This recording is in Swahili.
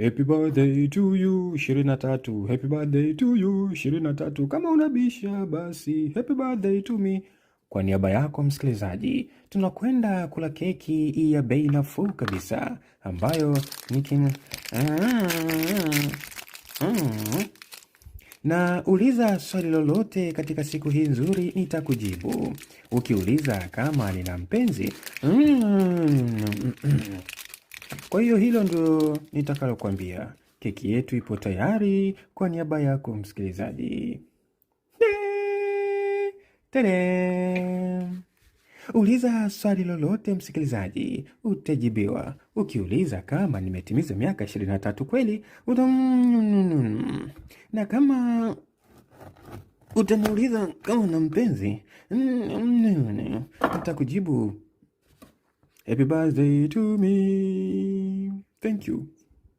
Happy birthday to you 23, happy birthday to you 23. Kama unabisha basi happy birthday to me. Kwa niaba yako msikilizaji, tunakwenda kula keki ya bei nafuu kabisa ambayo nikin... Mm. na uliza swali lolote katika siku hii nzuri, nitakujibu. Ukiuliza kama nina mpenzi mm. Kwa hiyo hilo ndo nitakalokuambia. Keki yetu ipo tayari kwa niaba yako msikilizaji. Uliza swali lolote msikilizaji, utajibiwa. Ukiuliza kama nimetimiza miaka ishirini na tatu kweli, utam... na kama utaniuliza kama na mpenzi, nitakujibu happy birthday to me. Thank you.